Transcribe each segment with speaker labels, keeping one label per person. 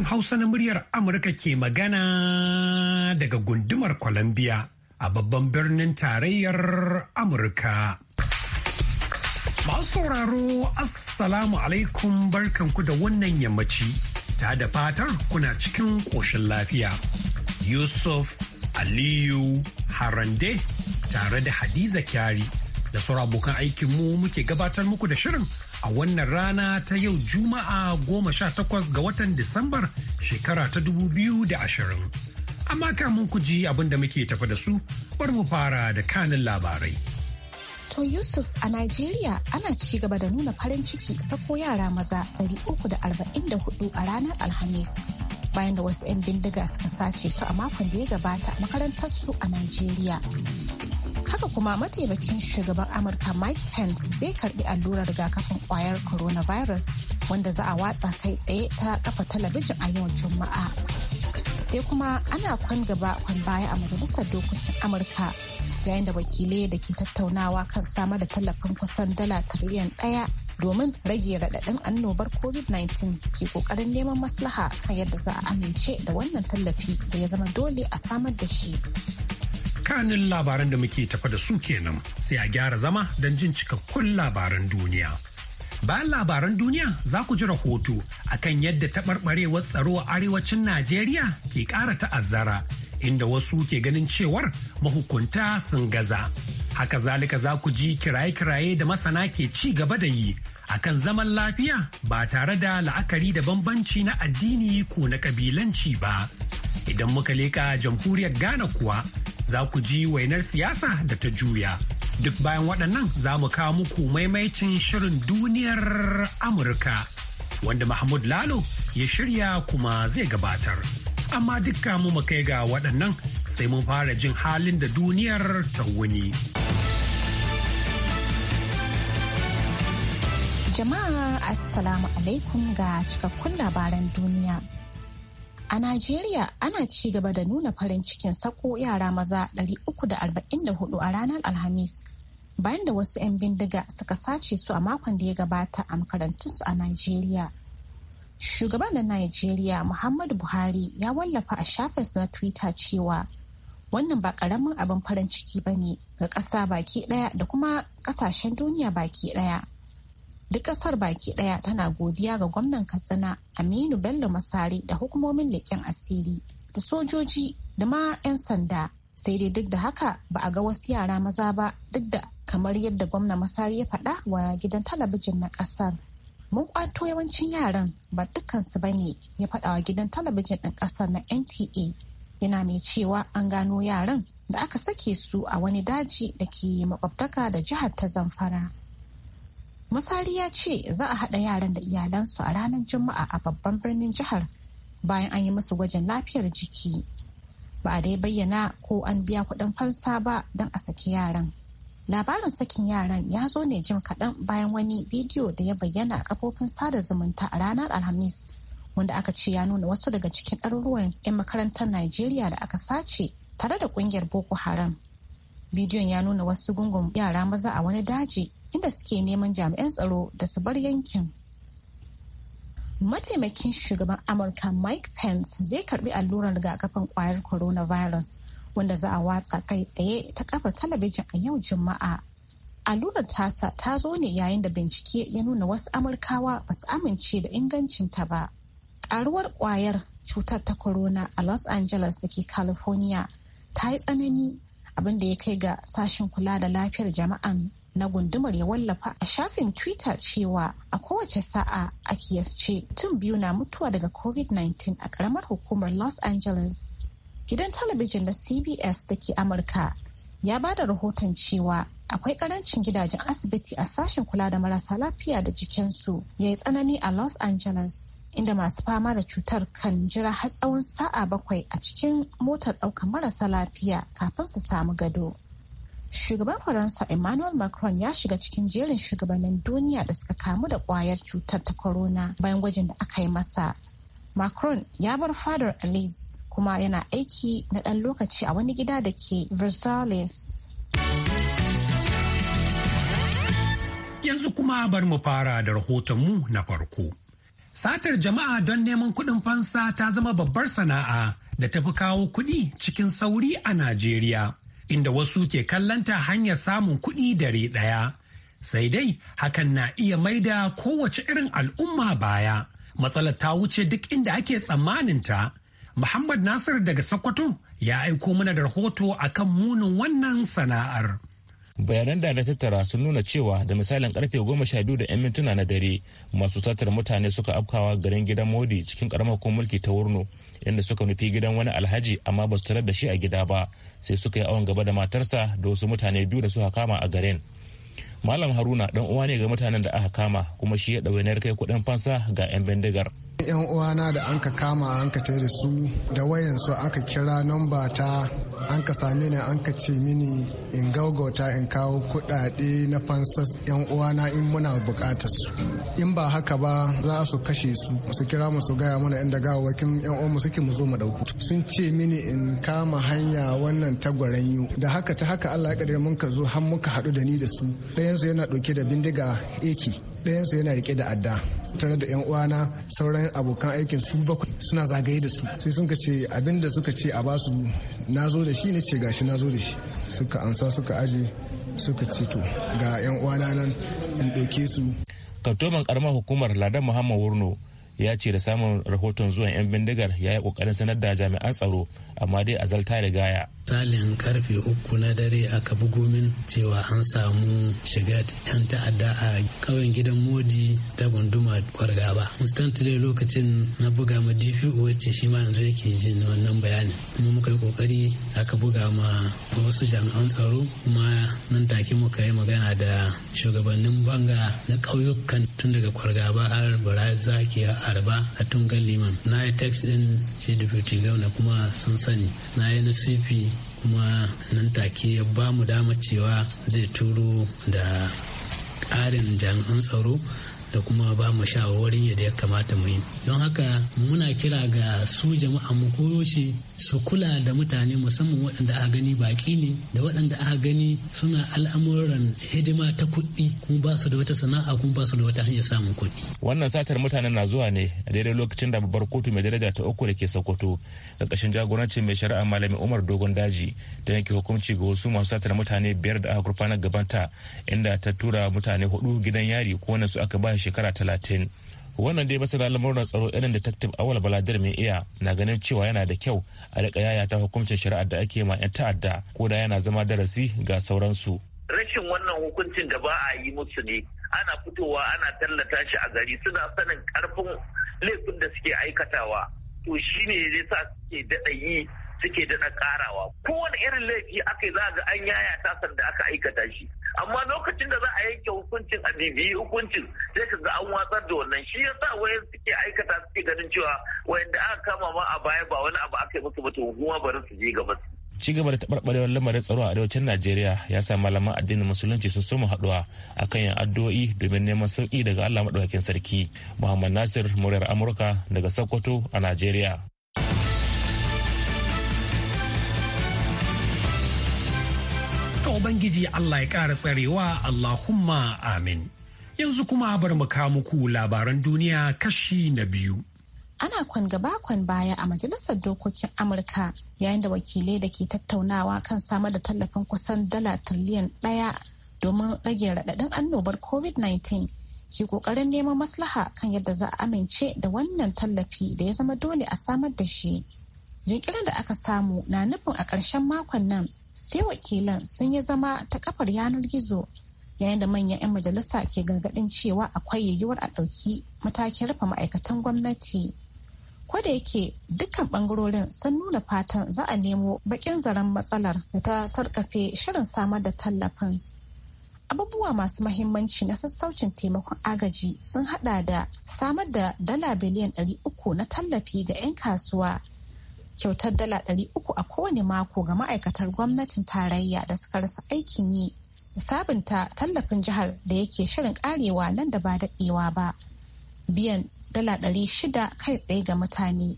Speaker 1: Sashen Hausa na muryar Amurka ke magana daga gundumar Columbia a babban birnin tarayyar Amurka. Masu sauraro Assalamu alaikum barkanku da wannan yammaci ta da fatar kuna cikin ƙoshin lafiya. Yusuf Aliyu Harande tare da Hadiza Kyari da sauran abokan aikinmu muke gabatar muku da shirin a wannan rana ta yau Juma'a goma sha takwas ga watan Disambar shekara ta dubu biyu da ashirin. Amma kamun ku ji abin da muke tafi da su bari mu fara da kanin labarai.
Speaker 2: To Yusuf a Najeriya ana ci gaba da nuna farin ciki sako yara maza 344 a ranar Alhamis bayan da wasu 'yan bindiga suka sace su a makon da ya gabata makarantar su a Najeriya. haka kuma mataimakin shugaban amurka mike pence zai karbi allurar rigakafin kwayar coronavirus wanda za a watsa kai tsaye ta kafa talabijin a yau juma'a sai kuma ana kwan gaba kwan baya a majalisar dokokin amurka yayin da wakilai da ke tattaunawa kan samar da tallafin kusan dala tiriliyan daya domin rage raɗaɗin annobar covid-19 ke ƙoƙarin neman maslaha kan yadda za a amince da wannan tallafi da ya zama dole a samar da shi
Speaker 1: tsakanin labaran da muke tafa da su kenan sai a gyara zama don jin cikakkun labaran duniya. Bayan labaran duniya za ku ji rahoto akan yadda taɓarɓarewar tsaro a arewacin Najeriya ke ƙara ta'azzara inda wasu ke ganin cewar mahukunta sun gaza. Haka zalika za ku ji kiraye-kiraye da masana ke ci gaba da yi akan zaman lafiya ba tare da la'akari da bambanci na addini ko na kabilanci ba. Idan muka leƙa jamhuriyar Ghana kuwa za ku ji wainar siyasa da ta juya. Duk bayan waɗannan za mu kawo muku maimaicin shirin duniyar Amurka wanda Mahmud Lalo ya shirya kuma zai gabatar. Amma dukka mu mu ga waɗannan sai mun fara jin halin da duniyar ta wuni.
Speaker 2: Jama'a Assalamu alaikum ga cikakkun labaran duniya. A Najeriya ana ci gaba da nuna farin cikin sako yara maza 344 a ranar Alhamis bayan da wasu 'yan bindiga suka sace su a makon da ya gabata a makarantunsu a Najeriya. Shugaban da Najeriya Muhammadu Buhari ya wallafa a shafinsa na Twitter cewa wannan ba karamin abin farin ciki ba ne ga ƙasa baki ɗaya da kuma ƙasashen duniya baki ɗaya. duk kasar baki daya tana godiya ga gwamnan katsina aminu bello masari da hukumomin leƙen asiri da sojoji da ma 'yan sanda sai dai duk da haka ba a ga wasu yara maza ba duk da kamar yadda gwamna masari ya faɗa wa gidan talabijin na ƙasar mun kwato yawancin yaran ba dukkansu ba ne ya faɗa wa gidan talabijin ɗin ƙasar na nta yana mai cewa an gano yaran da aka sake su a wani daji da ke makwabtaka da jihar ta zamfara musali ya ce za a haɗa yaran da iyalansu a ranar Juma'a a babban birnin jihar bayan an yi musu gwajin lafiyar jiki. Ba a dai bayyana ko an biya kuɗin fansa ba don a saki yaran. Labarin sakin yaran ya zo ne jim kaɗan bayan wani bidiyo da ya bayyana a kafofin sada zumunta a ranar Alhamis wanda aka ce ya nuna wasu daga cikin ɗaruruwan 'yan makarantar Najeriya da aka sace tare da ƙungiyar Boko Haram. Bidiyon ya nuna wasu gungun yara maza a wani daji inda suke neman jami'an tsaro da su bar yankin. Mataimakin shugaban Amurka Mike Pence zai karbi allurar rigakafin kwayar coronavirus wanda za a watsa kai tsaye ta kafar talabijin a yau Juma'a. Allurar tasa ta zo ne yayin da bincike ya nuna wasu Amurkawa ba su amince da ingancinta ba. Karuwar kwayar cutar ta corona a Los Angeles da ke California ta yi tsanani abinda ya kai ga sashen kula da lafiyar jama'an na gundumar ya wallafa a shafin twitter cewa a kowace sa'a a kiyasce tun biyu na mutuwa daga covid-19 a karamar hukumar los angeles gidan talabijin na cbs da ke amurka ya ba da rahoton cewa akwai karancin gidajen asibiti a sashen kula da marasa lafiya da jikinsu ya yi tsanani a los angeles inda masu fama da cutar kan jira har tsawon sa'a bakwai a cikin motar ɗaukar marasa lafiya kafin su samu gado Shugaban Faransa Emmanuel Macron ya shiga cikin jerin shugabannin duniya da suka kamu da kwayar cutar ta corona bayan gwajin da aka yi masa. Macron ya bar fadar alice kuma yana aiki na ɗan lokaci a wani gida da ke Versailles.
Speaker 1: Yanzu kuma bar mu fara da rahotonmu na farko. Satar jama'a don neman kuɗin fansa ta zama babbar sana'a da tafi kawo kuɗi cikin sauri a Najeriya. inda wasu ke kallanta hanyar samun kuɗi dare ɗaya. Sai dai hakan na iya maida kowace irin al'umma baya. Matsalar ta wuce duk inda ake tsammaninta. Muhammad Nasir daga Sokoto ya aiko mana da rahoto akan munin wannan
Speaker 3: sana'ar. bayanan da na tattara sun nuna cewa da misalin karfe goma sha biyu da yan mintuna na dare masu satar mutane suka afkawa garin gidan modi cikin karamar mulki ta wurno inda suka nufi gidan wani alhaji amma basu su tarar da shi a gida ba sai suka yi awon gaba da matarsa da wasu mutane biyu da suka kama a garin malam haruna dan uwa ne ga mutanen da aka kama kuma shi ya ɗauyanar kai kuɗin fansa ga 'yan bindigar
Speaker 4: yan uwana da an ka kama an ka
Speaker 5: da su da wayan su aka kira namba ta an ka same ni an ka ce mini in gaugauta in kawo kuɗaɗe na fansas yan uwana in muna bukatar su in ba haka ba za su kashe su su kira mu su gaya mana inda gawakin yan uwanmu suke mu zo mu ɗauko sun ce mini in kama hanya wannan tagwaren yu da haka ta haka Allah ya kadar mun ka zo har muka hadu da ni da su su yana dauke da bindiga eki ɗayansu yana rike da adda tare da yan uwana sauran abokan aikin su bakwai suna zagaye da su sai sun ce abin da suka ce a basu na zo da shi ne ce gashi na zo da shi
Speaker 4: suka ansa suka aje suka ce to
Speaker 3: ga yan uwana nan in ɗauke su kantoman karamar hukumar ladan muhammad wurno ya ce da samun rahoton zuwan 'yan bindigar ya yi kokarin sanar da jami'an tsaro amma dai a zalta da gaya
Speaker 4: misalin karfe uku na dare aka bugo min cewa an samu shiga yan ta'adda a kawai gidan modi ta gunduma kwargaba instantly lokacin na buga ma dpo wacce shi ma yanzu yake jin wannan bayanin kuma muka yi kokari aka buga ma wasu jami'an tsaro kuma nan take muka yi magana da shugabannin banga na ƙauyukan tun daga kwargaba har baraza ke arba a tungan liman na yi text din shi deputy gwamna kuma sun sani na yi na cp kuma nan take ya ba mu dama cewa zai turo da ƙarin jami'an tsaro da kuma ba mu shawarwarin yadda ya kamata mu yi don haka muna kira ga su jama'a mu koyo shi su kula da mutane musamman waɗanda aka gani baƙi ne da waɗanda aka gani suna al'amuran hidima ta kuɗi kuma ba su da wata sana'a kuma ba su da wata hanyar samun kuɗi.
Speaker 3: Wannan satar mutane na zuwa ne a daidai lokacin da babbar kotu mai daraja ta uku da ke Sokoto ƙarƙashin jagorancin mai shari'a malami Umar Dogon Daji da yanke hukunci ga wasu masu satar mutane biyar da aka gurfanar gabanta inda ta tura mutane hudu gidan yari ko su aka ba shekara talatin. wannan dai masana lamuran tsaro irin detective awal baladar mai iya na ganin cewa yana da kyau a rika yaya ta hukuncin shari'ar da ake ma 'yan ta'adda ko da yana zama darasi ga sauransu
Speaker 6: rashin wannan hukuncin da ba a yi musu ne ana fitowa ana tallata shi a gari suna sanin karfin laifin da suke aikatawa to shine zai sa suke daɗa yi suke daɗa ƙarawa kowane irin laifi aka yi za a ga an yaya ta da aka aikata shi amma lokacin da za a yanke hukuncin a bibiyi hukuncin sai ka ga an watsar da wannan shi yasa wayan suke aikata suke ganin cewa wayanda aka kama ma a baya ba wani abu aka yi musu ba to kuma bari su je gaba
Speaker 3: ci gaba da taɓarɓarewar lamarin tsaro a arewacin najeriya ya sa malaman addinin musulunci sun soma haɗuwa a kan yin addu'o'i domin neman sauƙi daga allah maɗaukakin sarki muhammad nasir muryar amurka daga sokoto a najeriya
Speaker 1: To Ubangiji Allah ya ƙara tsarewa Allahumma amin. Yanzu kuma bar mu kawo muku labaran duniya kashi na biyu.
Speaker 2: Ana kwan gaba kwan baya a Majalisar Dokokin Amurka yayin da wakilai da ke tattaunawa kan samar da tallafin kusan dala tiriliyan ɗaya domin rage raɗaɗin annobar COVID-19 ke ƙoƙarin neman maslaha kan yadda za a amince da wannan tallafi da ya zama dole a samar da shi. Jinkirin da aka samu na nufin a ƙarshen makon nan sai wakilan sun yi zama ta kafar yanar gizo yayin da manyan 'yan majalisa ke gargadin cewa akwai yiwuwar a ɗauki matakin rufe ma'aikatan gwamnati ko da yake dukkan bangarorin sun nuna fatan za a nemo bakin zaren matsalar da ta sarkafe shirin samar da tallafin abubuwa masu mahimmanci na sassaucin taimakon agaji sun hada da samar da dala biliyan 300 na tallafi ga 'yan kasuwa kyautar dala ɗari uku a kowane mako ga ma'aikatar gwamnatin tarayya da suka rasa aikin yi da sabunta tallafin jihar da yake shirin karewa nan da ba daɗewa ba biyan dala ɗari shida kai tsaye ga mutane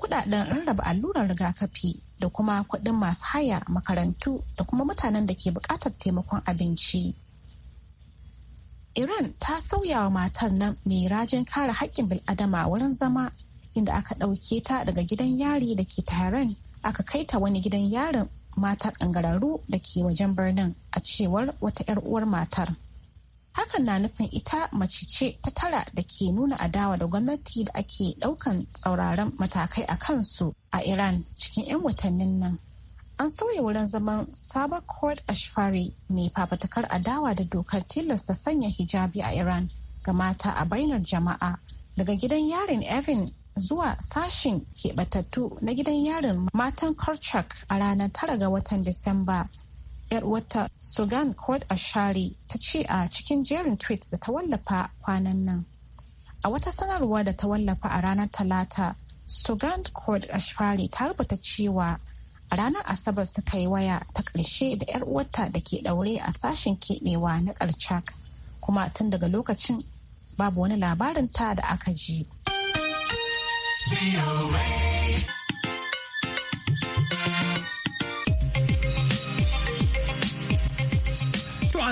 Speaker 2: kudaden rarraba allurar rigakafi da kuma kuɗin masu haya makarantu da kuma mutanen da ke buƙatar taimakon abinci. Iran ta sauya wa matar nan mai rajin kare haƙƙin bil'adama wurin zama inda aka ɗauke ta daga gidan yari da ke taron aka kai ta wani gidan yarin mata kangararru da ke wajen birnin a cewar wata 'yar uwar matar. Hakan na nufin ita mace ce ta tara da ke nuna adawa da gwamnati da ake ɗaukan tsauraran matakai a kansu a Iran cikin 'yan watannin nan. An sauya wurin zaman sabon Court Ashfari mai fafatakar adawa da dokar tilasta sanya hijabi a Iran ga mata a bainar jama'a daga gidan yarin Evin zuwa sashin keɓatattu na gidan yarin matan Korchak a ranar tara ga watan Disamba. yar uwarta Sugan Kod Ashari ta ce a cikin jerin tweets da ta wallafa kwanan nan. A wata sanarwa da ta wallafa a ranar Talata, Sugan Kod Ashari ta rubuta cewa a ranar Asabar suka yi waya ta ƙarshe da yar wata da ke ɗaure a sashin keɓewa na Karchak, kuma tun daga lokacin babu wani labarin ta da aka ji.
Speaker 6: To a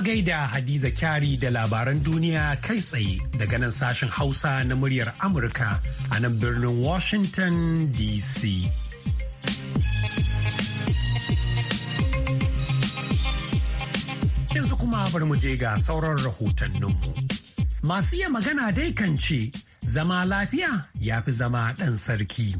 Speaker 1: gaida Hadiza Kyari da labaran duniya kai tsaye daga nan sashen Hausa na muryar Amurka a nan birnin Washington DC. Yanzu kuma bari mu je ga sauran rahotanninmu. Masu iya magana dai kan ce zama lafiya ya fi zama ɗan sarki.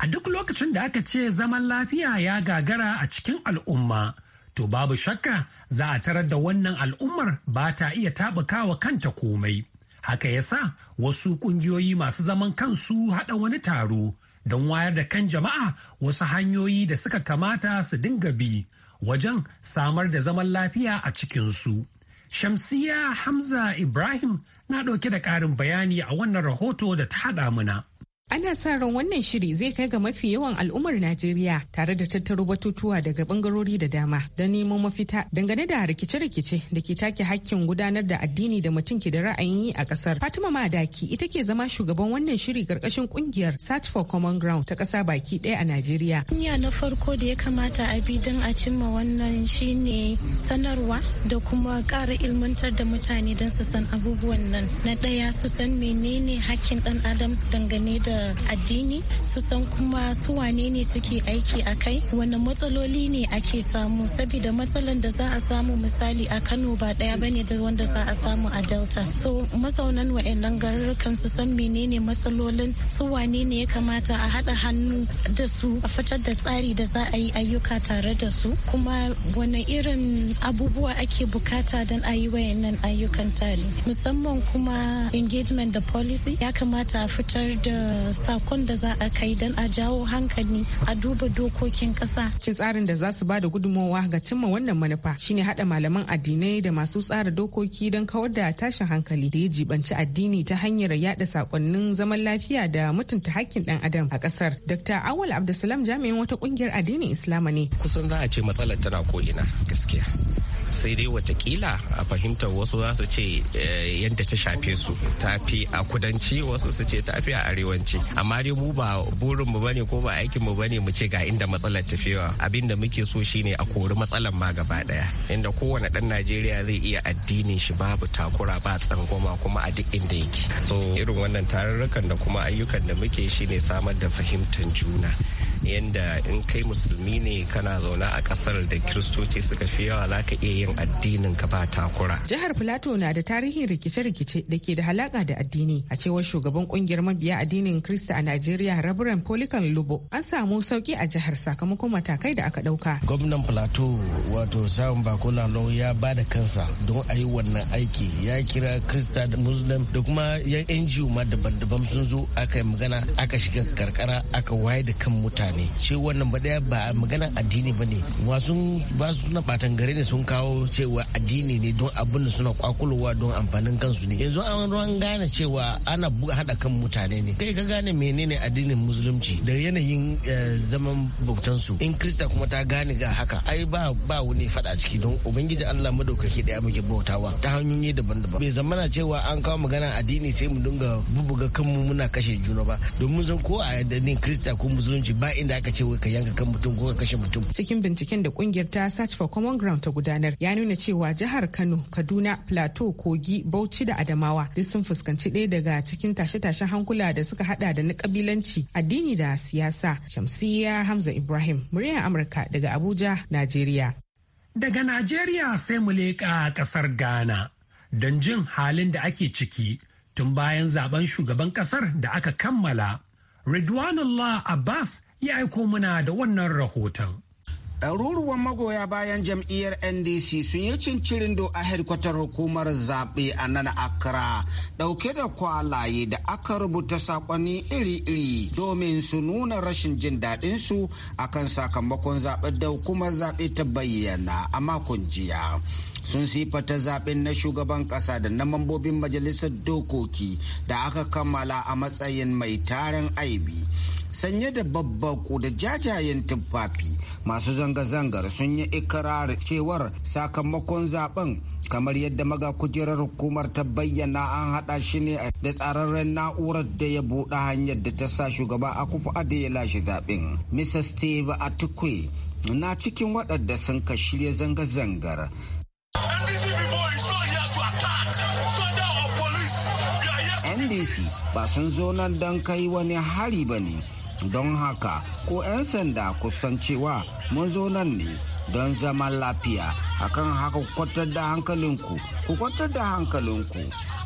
Speaker 1: A duk lokacin da aka ce zaman lafiya ya gagara a cikin al'umma, to babu shakka za a tarar da wannan al'ummar ba ta iya taɓukawa kanta komai. Haka ya sa wasu ƙungiyoyi masu zaman kansu haɗa wani taro don wayar da kan jama'a wasu hanyoyi da suka kamata su dinga bi wajen samar da zaman lafiya a cikinsu. Shamsiya Hamza Ibrahim na ɗauke da ƙarin bayani a wannan rahoto da ta haɗa muna.
Speaker 7: Ana sa ran wannan shiri zai kai ga mafi yawan al'ummar Najeriya tare da tattaro batutuwa daga bangarori da dama don neman mafita dangane da rikice-rikice da ke take hakkin gudanar da addini da mutum ke da ra'ayin yi a kasar. Fatima Madaki ita ke zama shugaban wannan shiri karkashin kungiyar Search for Common Ground ta kasa baki ɗaya a Najeriya.
Speaker 2: Hanya na farko da ya kamata a bi don a cimma wannan shine sanarwa da kuma ƙara ilmantar da mutane don su san abubuwan nan. Na ɗaya su san menene hakkin ɗan adam dangane da da addini su san kuma su wane ne suke aiki a kai wane matsaloli ne ake samu saboda matsalan da za a samu misali a kano ba daya ne da wanda za a samu a delta so mazaunan wa'annan garurukan su san menene matsalolin su wane ne ya kamata a haɗa hannu da su a fitar da tsari da za a yi ayyuka tare da su kuma wani irin abubuwa ake bukata don a yi wayannan ayyukan tare musamman kuma engagement da policy ya kamata a fitar da sakon da za a kai don a jawo hankali a duba dokokin kasa.
Speaker 7: Cin tsarin da za su ba da gudunmawa ga cimma wannan manufa shine haɗa malaman addinai da masu tsara dokoki don kawar da tashin hankali da ya jibanci addini ta hanyar yada sakonnin zaman lafiya da mutunta hakkin ɗan adam a ƙasar. Dr. Awal Abdulsalam jami'in wata ƙungiyar addinin Islama ne.
Speaker 8: Kusan za a ce matsalar tana ko'ina gaskiya. sai dai watakila a fahimtar wasu za su ce eh, yadda ta shafe su ta fi a kudanci wasu su ce ta fi a arewanci amma dai mu ba burin mu bane ko ba aikin mu bane mu ce ga inda matsalar tafiya abin da muke so shine a kori matsalar ma gaba daya inda kowane dan Najeriya zai iya addinin shi babu takura ba tsangwama kuma a duk inda yake so irin wannan tarurrukan da kuma ayyukan da muke shine samar da fahimtar juna yanda in kai musulmi ne kana zaune a kasar da kiristoci suka fi yawa za ka iya yin addinin ka ba takura.
Speaker 7: Jihar Filato na da tarihin rikice-rikice da ke da halaka da addini a cewar shugaban kungiyar mabiya addinin kirista a Najeriya Rabiran Polikan Lubo. An samu sauki a jihar sakamakon matakai da aka dauka.
Speaker 6: Gwamnan Filato wato Sam Bakola Lau ya ba da kansa don a yi wannan aiki ya kira Krista da Muslim da kuma yan NGO ma daban-daban sun zo aka yi magana aka shiga karkara aka waye da kan mutane. Ce wannan ba daya ba magana addini ba ne. Wasu ba su na batan ne sun kawo kawo cewa addini ne don abin da suna kwakulowa don amfanin kansu ne yanzu an ruwan gane cewa ana hada kan mutane ne kai ka gane menene addinin musulunci da yanayin eh, zaman bautansu in krista kuma ta gane ga haka ai ba ba wani faɗa ciki don ubangiji allah madaukaki daya muke bautawa ta hanyoyi daban-daban bai zamana cewa an kawo magana addini sai mu dinga bubuga kanmu muna kashe juna ba domin zan ko a addinin krista ko musulunci
Speaker 7: ba inda aka ce wai ka yanka kan mutum ko ka kashe mutum cikin binciken da kungiyar ta search for common ground ta gudanar ya nuna cewa jihar Kano, Kaduna, Plateau, Kogi, Bauchi da Adamawa duk sun fuskanci ɗaya daga cikin tashe-tashen hankula da suka hada da na kabilanci, addini da siyasa. Shamsiyya Hamza Ibrahim, muryar Amurka daga Abuja, Najeriya.
Speaker 1: Daga Najeriya sai mu leƙa ƙasar Ghana don jin halin da ake ciki tun bayan zaben shugaban ƙasar da aka kammala. Ridwanullah Abbas ya aiko muna da wannan rahoton.
Speaker 6: ɗaruruwan magoya bayan jam'iyyar ndc sun yi do a hedkwatar hukumar zaɓe a nan accra ɗauke da kwalaye da aka rubuta saƙonni iri-iri domin su nuna rashin jin daɗinsu a kan sakamakon zaɓen da hukumar zaɓe ta bayyana a makon jiya sun sifata zaben na shugaban kasa da na mambobin majalisar dokoki da aka kammala a matsayin mai tarin aibi sanye da babbaku da jajayen tufafi masu zanga-zangar sun yi ikirar cewar sakamakon zaben kamar yadda maga kujerar hukumar ta bayyana an hada shi ne da tsararren na'urar da ya buɗe hanyar da ta sa shugaba akufu da ya lashe zaben Mr. steve atukwe na cikin waɗanda sun ka shirya zanga-zangar kulle shi ba sun zo nan don kai wani hari ba ne don haka ko 'yan sanda kusan cewa mun zo nan ne don zaman lafiya akan haka kwatar da hankalinku ku kwatar da hankalinku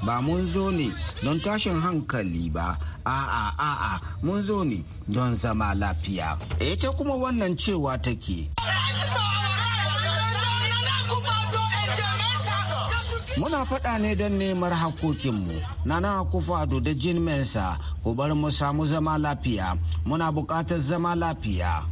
Speaker 6: ba mun zo ne don tashin hankali ba a'a a'a mun zo ne don zama lafiya ita kuma wannan cewa take muna faɗa ne don neman hakokinmu nana kufa da jin mensa ku bar mu samu zama lafiya muna buƙatar zama lafiya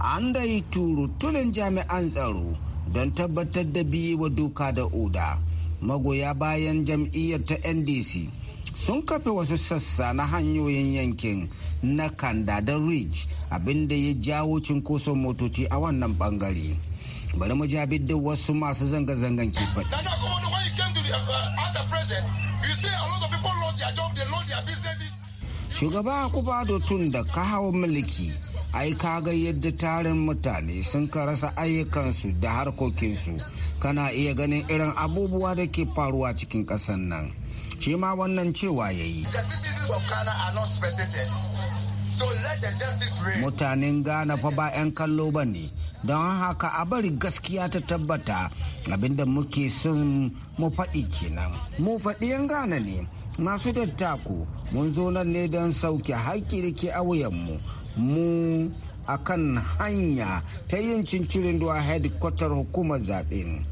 Speaker 6: an da yi turu turutulin jami'an tsaro don tabbatar da biye wa doka da oda magoya bayan jam'iyyar ta ndc sun kafe wasu sassa na hanyoyin yankin na kanda da ridge abinda ya jawo cinkoson motoci a wannan bangare bari mu jabi da wasu masu zanga-zangan ke Shugaba da tun da ka hau mulki, ai ka ga yadda tarin mutane sun ka rasa ayyukansu da harkokinsu, kana iya ganin irin abubuwa da ke faruwa cikin kasan nan. Shi ma wannan cewa ya yi. Mutanen Ghana fa ba 'yan kallo ba ne. don haka a bari gaskiya ta tabbata abinda muke son mu faɗi kenan mu faɗi yan gane ne masu dattako mun zo nan ne don sauke haƙƙi da ke mu mu a kan hanya ta yin cincirin duwa headquarter hukumar zaɓen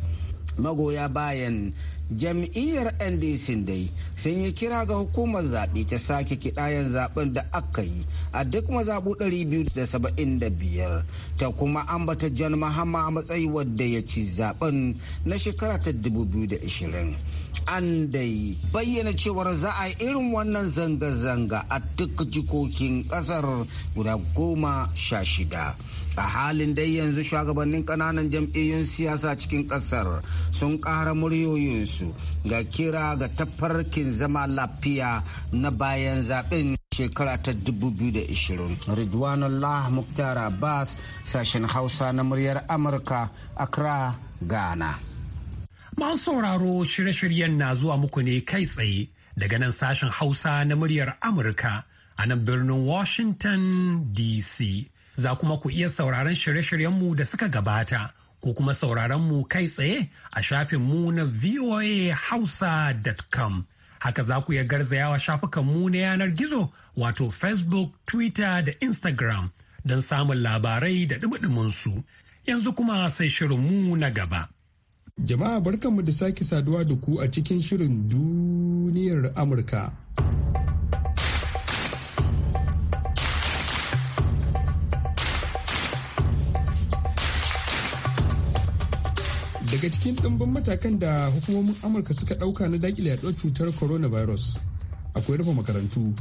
Speaker 6: magoya bayan jam'iyyar ndc dai sun yi kira ga hukumar zaɓe ta sake kiɗayen zaɓen da aka yi a duk mazaɓu 275 ta kuma ambata john mahama a matsayi wadda ya ci zaɓen na shekara ta 2020 an dai bayyana cewar za a yi irin wannan zanga-zanga a duk jikokin ƙasar guda goma sha shida a halin dai yanzu shugabannin kananan jam'iyyun siyasa cikin kasar sun ƙara muryoyinsu ga kira ga tafarkin zama lafiya na bayan zaben shekara ta 2020 ridwanullah muktar abbas sashen hausa na muryar amurka accra ghana
Speaker 1: masu sauraro shirye-shiryen na zuwa muku ne kai tsaye daga nan sashen hausa na muryar amurka a nan birnin washington dc za kuma ku iya sauraron shirye-shiryenmu da suka gabata ko kuma sauraronmu kai tsaye a shafin mu na voahausa.com. Haka za ku iya garzayawa mu na yanar gizo wato Facebook, Twitter da Instagram don samun labarai da su Yanzu kuma sai shirin mu na gaba.
Speaker 5: Jama'a barkanmu da sake saduwa da ku a cikin shirin duniyar Amurka. daga cikin ɗimbin matakan da hukumomin amurka suka ɗauka na dakile yaɗuwar cutar coronavirus akwai rufe makarantu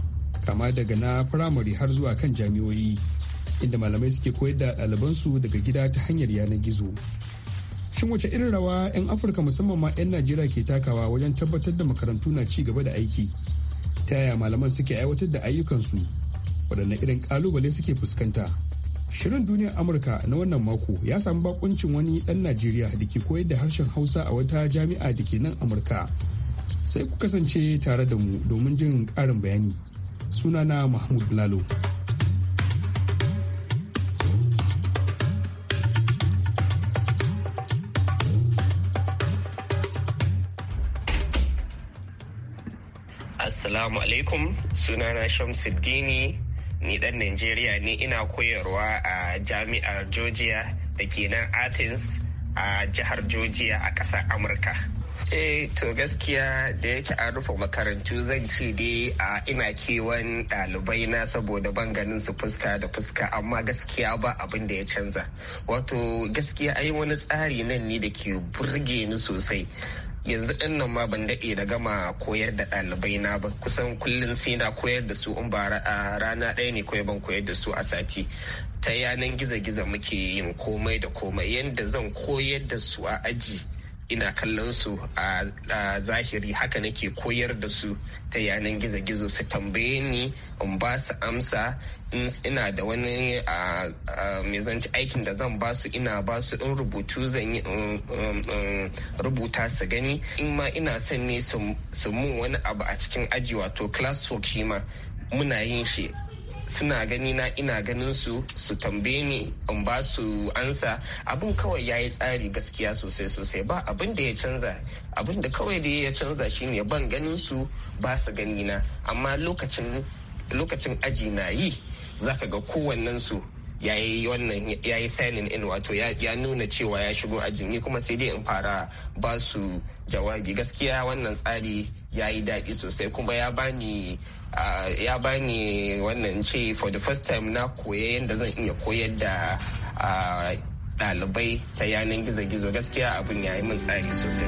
Speaker 5: kama daga na firamare har zuwa kan jami'o'i inda malamai suke koyar da ɗalibansu daga gida ta hanyar yanar gizo shin wace irin rawa 'yan afirka musamman ma 'yan najeriya ke takawa wajen tabbatar da makarantu na ci gaba da aiki ta yaya malaman suke aiwatar da ayyukansu waɗanne irin ƙalubale suke fuskanta Shirin duniyar Amurka na wannan mako ya samu bakuncin wani ɗan Najeriya da ke koyar da harshen Hausa a wata jami'a da ke nan Amurka. Sai ku kasance tare da mu domin jin ƙarin bayani. Sunana Mahmud Lalo.
Speaker 8: Assalamu alaikum sunana Shamsuddini ni dan Najeriya ne ina koyarwa a jami'ar Georgia da ke nan Athens a jihar Georgia a ƙasar Amurka. Eh to gaskiya da yake an rufe makarantu zan ce dai a ina kewan ɗalibai na saboda ban ganin su fuska da fuska amma gaskiya ba abin da ya canza. Wato gaskiya ai wani tsari nan ne da ke burge ni sosai. yanzu din nan ma ban daɗe da gama koyar da ɗalibai na ba kusan kullum sai na koyar da su in ba rana ɗaya ne koyar ban koyar da su a sati ta yanan gizo-gizo muke yin komai da komai yadda zan koyar da su a aji ina kallon su a zahiri haka nake koyar da su ta yanar gizo-gizo su tambaye ni in ba su amsa ina da wani zanci aikin da zan ba su ina ba su in rubutu zan yi rubuta su gani in ma ina son ne su mun wani abu a cikin aji wato classwork shi ma muna yin shi suna gani na ina ganin su su tambaye ni in ba su ansa abin kawai ya yi tsari gaskiya sosai sosai ba abin da ya canza abin da kawai da ya canza shine ban ganin su ba su gani na amma lokacin aji na yi zaka ga kowannen su ya yi wannan ya yi signing in wato ya nuna cewa ya shigo ajin ni kuma sai dai in fara ba su jawabi gaskiya wannan tsari ya yi daɗi sosai kuma ya bani ya bani wannan ce for the first time na koya yadda zan iya koyar da ɗalibai ta yanar gizo-gizo gaskiya abin ya yi min tsari sosai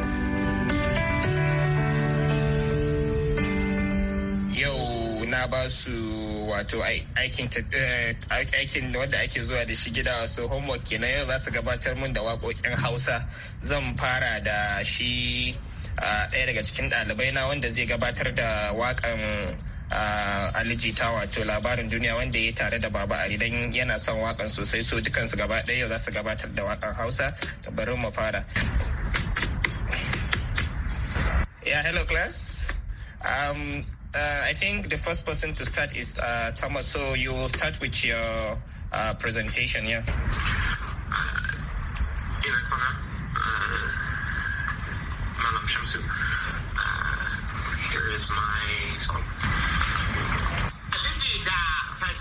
Speaker 8: yau na ba su wato eh, aikin wanda ake zuwa da shi gida wasu homework kenan yau za su gabatar min da waƙoƙin hausa zan fara da shi ɗaya daga cikin ɗalibai na wanda zai gabatar da waƙan alijita wato labarin duniya wanda ya tare da baba ari dan yana son waƙan sosai so dukansu gaba ɗaya za su gabatar da waƙan hausa da bari mu fara yeah hello class um, Uh, I think the first person to start is uh, Thomas. So you start with your uh, presentation, yeah.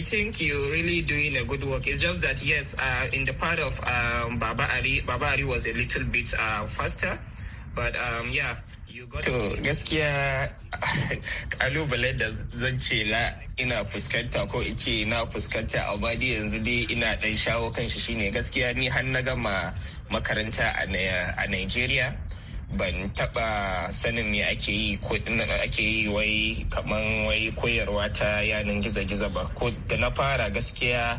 Speaker 8: I think you're really doing a good work. It's just that, yes, uh, in the part of um, Baba Ari, Baba Ari was a little bit uh, faster. But um, yeah, you got to. gaskiya kalubale da zan ce na ina fuskanta ko in ce na fuskanta a badi yanzu dai ina dan shawo kan shi shine gaskiya ni har na gama makaranta a Nigeria. ban taba sanin me ake yi ko ake yi wai kaman wai koyarwa ta yanin gizo-gizo ba ko da na fara gaskiya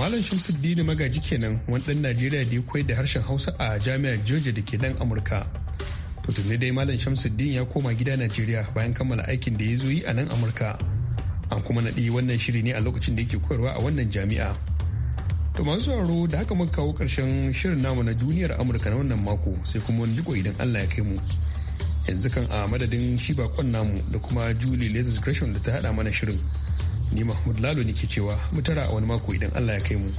Speaker 5: Malam Shamsuddin Magaji kenan wani dan Najeriya da ya koyar da harshen Hausa a jami'ar Georgia da ke nan Amurka. To tuni dai Malam Shamsuddin ya koma gida Najeriya bayan kammala aikin da ya zo yi a nan Amurka. An kuma naɗi wannan shiri ne a lokacin da yake koyarwa a wannan jami'a. To masu sauraro da haka muka kawo karshen shirin namu na duniyar Amurka na wannan mako sai kuma wani jiko idan Allah ya kai mu. Yanzu kan a madadin shi bakon namu da kuma Julie Lathis Gresham da ta haɗa mana shirin. ni mahmud lalo ne ke cewa mutara a wani mako idan allah ya kai mu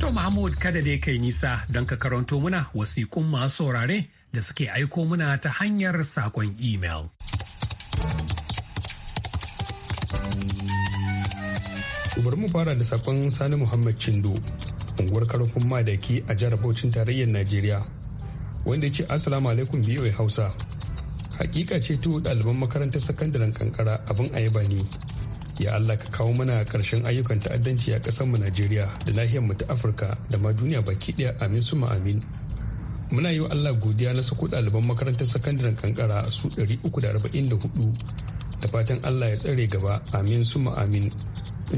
Speaker 1: to mahmud kada dai kai nisa don ka karanto muna wasiƙun masu saurare da suke aiko muna ta hanyar saƙon imel.
Speaker 5: bari mu fara da sakon sani muhammad Chindo unguwar karfin madaki a jihar bauchin tarayyar najeriya wanda ya ce assalamu alaikum biyu hausa hakika ce to ɗaliban makarantar sakandaren kankara abin ayaba ne ya allah ka kawo mana karshen ayyukan ta'addanci a mu najeriya da nahiyar mu ta afirka da ma duniya baki ɗaya amin su amin muna yi wa allah godiya na sako ɗaliban makarantar sakandaren kankara su ɗari uku da arba'in da hudu. fatan allah ya tsare gaba amin su amin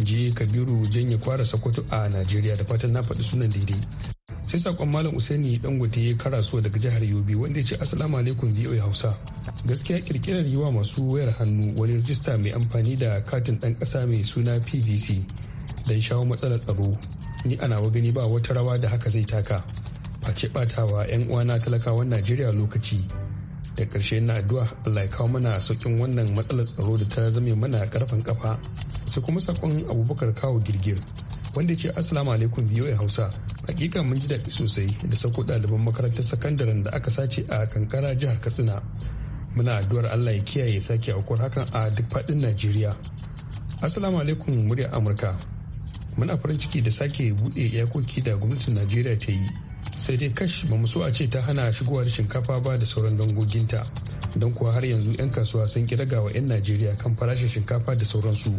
Speaker 5: ji kabiru janye kwara sokoto a najeriya da fatan na faɗi sunan daidai sai sakon malam usaini dangote ya karasuwa daga jihar yobe wanda ya ce assalamu alaikum voa hausa gaskiya kirkirar yiwa masu wayar hannu wani rajista mai amfani da katin dan kasa mai suna pvc don shawo matsalar tsaro ni ana wa gani ba wata rawa da haka zai taka face batawa yan uwana talakawan najeriya lokaci da karshe na addu'a allah ya kawo mana saukin wannan matsalar tsaro da ta zame mana karfin kafa sai kuma sakon abubakar kawo girgir wanda ya ce assalamu alaikum voa hausa hakika mun ji daɗi sosai da sauko ɗaliban makarantar sakandaren da aka sace a kankara jihar katsina muna addu'ar allah ya kiyaye sake aukuwar hakan a duk faɗin najeriya assalamu alaikum muryar amurka muna farin ciki da sake buɗe iyakoki da gwamnatin najeriya ta yi sai dai kash ba mu so a ce ta hana shigowa da shinkafa ba da sauran dangoginta don kuwa har yanzu 'yan kasuwa sun kiragawa 'yan najeriya kan farashin shinkafa da sauransu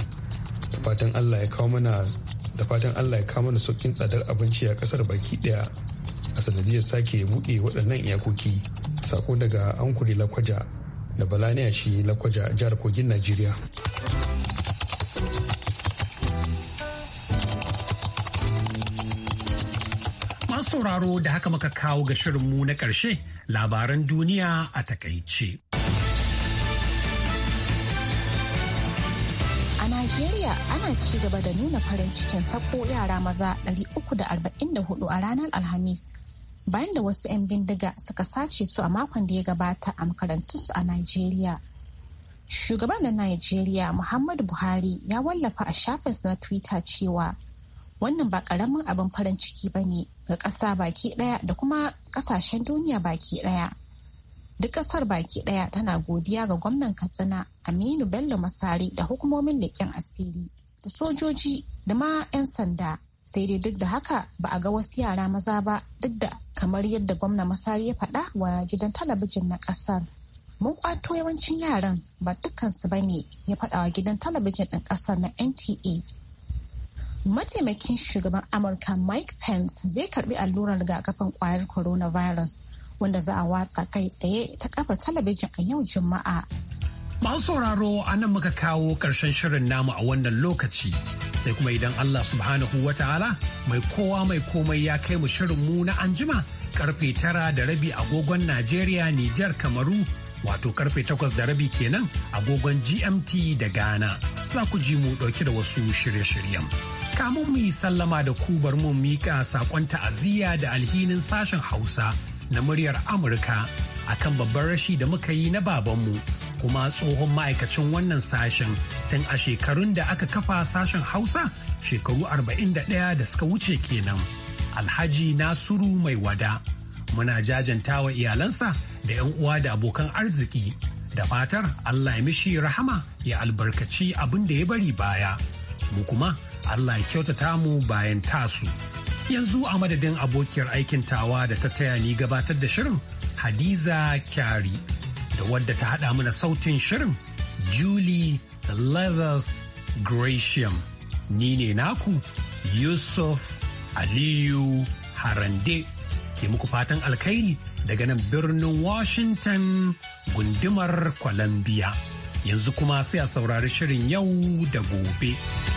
Speaker 5: da fatan allah ya kawo mana da fatan allah ya kama da sauƙin tsadar abinci a ƙasar baki ɗaya a sanadiyar sake buɗe waɗannan iyakoki sako daga ankuri lakwaja da balaniya shi lakwaja jihar kogin najeriya
Speaker 1: sauraro da haka muka kawo ga shirinmu na ƙarshe labaran duniya a takaice.
Speaker 2: yana ci gaba da nuna farin cikin sako yara maza 344 a ranar alhamis bayan da wasu 'yan bindiga suka sace su a makon da ya gabata a makarantunsu a nigeria shugaban na nigeria muhammadu buhari ya wallafa a shafinsa na twitter cewa wannan ba karamin abin farin ciki ba ne ga ƙasa baki ɗaya da kuma ƙasashen duniya baki ɗaya duk ƙasar baki ɗaya tana godiya ga gwamnan katsina aminu bello masari da hukumomin leƙen asiri da sojoji da ma 'yan sanda sai dai duk da haka ba a ga wasu yara maza ba duk da kamar yadda gwamna masari ya faɗa wa gidan talabijin na ƙasar mun kwato yawancin yaran ba dukkansu ba ne ya faɗa wa gidan talabijin ɗin ƙasar na nta mataimakin shugaban amurka mike pence zai karbi allurar rigakafin kwayar coronavirus wanda za a watsa kai tsaye ta kafar talabijin a yau juma'a
Speaker 1: Masu sauraro anan muka kawo ƙarshen shirin namu a wannan lokaci sai kuma idan Allah subhanahu wa ta'ala mai kowa mai komai ya kai mu shirin mu na anjima karfe tara da rabi agogon Najeriya Nijar Kamaru wato karfe takwas da rabi kenan agogon GMT da Ghana za ku ji mu ɗauki da wasu shirye-shiryen. Kamun mu yi sallama da kubar mu miƙa saƙon ta'aziyya da alhinin sashen Hausa na muryar Amurka akan babbar rashi da muka yi na babanmu. kuma tsohon ma'aikacin wannan sashen tun a shekarun da aka kafa sashen hausa shekaru 41 da suka wuce kenan alhaji nasiru mai wada muna jajantawa iyalansa da 'yan uwa da abokan arziki da fatar allah ya mishi rahama ya albarkaci abin da ya bari baya mu kuma allah ya kyautata mu bayan tasu yanzu a madadin abokiyar aikin tawa da ta taya ni gabatar da shirin hadiza kyari da wadda ta haɗa mana sautin shirin Julie Lazarus Gratium. Ni ne naku Yusuf Aliyu Harande ke muku fatan alkhairi daga nan birnin Washington gundumar Columbia. Yanzu kuma sai a saurari shirin yau da gobe.